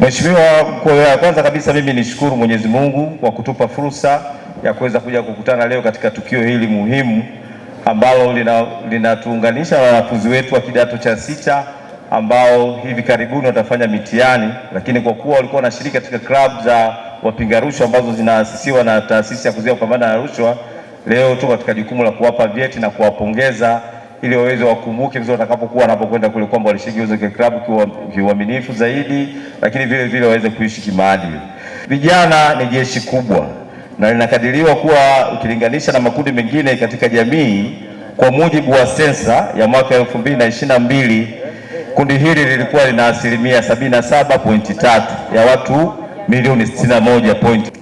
Mheshimiwa mkuu, kwanza kabisa mimi nishukuru Mwenyezi Mungu kwa kutupa fursa ya kuweza kuja kukutana leo katika tukio hili muhimu ambalo linatuunganisha lina na wanafunzi wetu wa kidato cha sita ambao hivi karibuni watafanya mitihani, lakini kwa kuwa walikuwa wanashiriki katika klabu za wapinga rushwa ambazo zinaasisiwa na taasisi ya kuzuia kupambana na rushwa, leo tuko katika jukumu la kuwapa vyeti na kuwapongeza ili waweze wakumbuke vizuri watakapokuwa wanapokwenda kule kwamba walishigeuza klabu kiwa kiuaminifu zaidi, lakini vile vile waweze kuishi kimaadili. Vijana ni jeshi kubwa na linakadiriwa kuwa ukilinganisha na makundi mengine katika jamii, kwa mujibu wa sensa ya mwaka elfu mbili na ishirini na mbili kundi hili lilikuwa lina asilimia 77.3 ya watu milioni 61 point.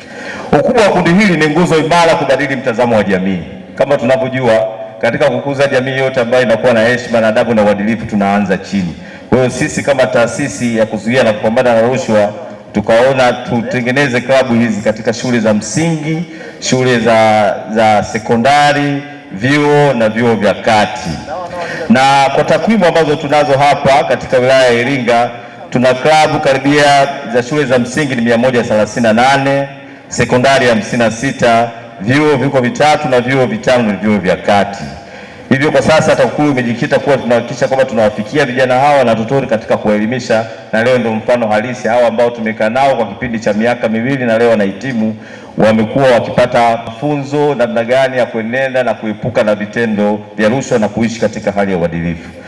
Ukubwa wa kundi hili ni nguzo imara kubadili mtazamo wa jamii. Kama tunavyojua katika kukuza jamii yote ambayo inakuwa na heshima na adabu na uadilifu, tunaanza chini. Kwa hiyo sisi kama taasisi ya kuzuia na kupambana na rushwa tukaona tutengeneze klabu hizi katika shule za msingi, shule za, za sekondari, vyuo na vyuo vya kati. Na kwa takwimu ambazo tunazo hapa katika wilaya ya Iringa tuna klabu karibia za shule za msingi ni 138, sekondari 56 vyuo viko vitatu na vyuo vitano ni vyuo vya kati. Hivyo kwa sasa TAKUKURU imejikita kuwa tunahakikisha kwamba tunawafikia vijana hawa na tutori katika kuwaelimisha, na leo ndio mfano halisi hawa ambao tumekaa nao kwa kipindi cha miaka miwili na leo wanahitimu, wamekuwa wakipata mafunzo namna gani ya kuenenda na kuepuka na vitendo vya rushwa na kuishi katika hali ya uadilifu.